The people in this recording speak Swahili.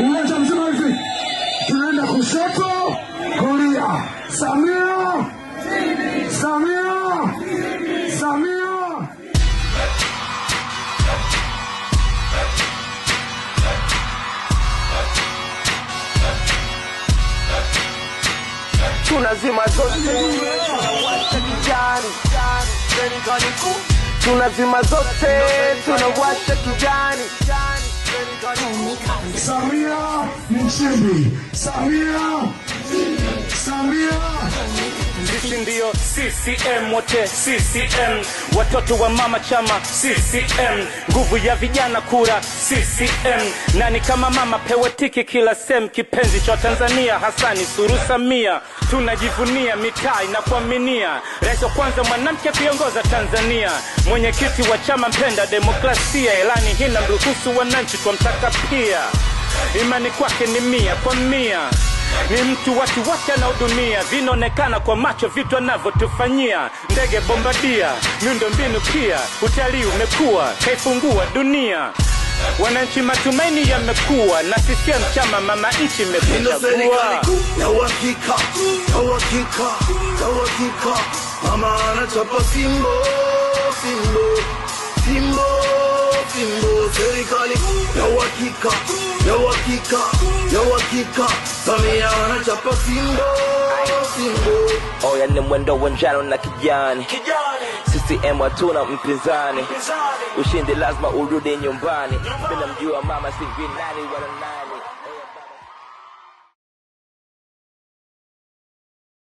mmoja mzima hivi, tunaenda kushoto kulia. Samia, Samia, Samia. tunazima zote, tunawasha kijani, tunazima zote, tunawasha kijani Samia Nchimbi, Samia ndio CCM wote CCM, watoto wa mama chama CCM, nguvu ya vijana kura CCM, nani kama mama pewe tiki kila sem, kipenzi cha Tanzania Hasani Suru Samia, tunajivunia mitaa inakuaminia, rais wa kwanza mwanamke kuiongoza Tanzania, mwenyekiti wa chama mpenda demokrasia, ilani hii na mruhusu wananchi twamtaka pia, imani kwake ni mia kwa mia ni mtu watu wote anaudumia, vinaonekana kwa macho vitu anavyotufanyia. Ndege bombadia miundo mbinu pia, utalii umekuwa kaifungua dunia wananchi matumaini yamekuwa na CCM chama mama nchi imekuchagua na uhakika na uhakika na uhakika mama anachapa simbo simbo simbo hakika ya uhakika ya uhakika familia wanachapa simbo simbo oya oh, ni mwendo wa njano na kijani CCM hatuna mpinzani ushindi lazima urudi nyumbani bila mjua mama sivinani wala nani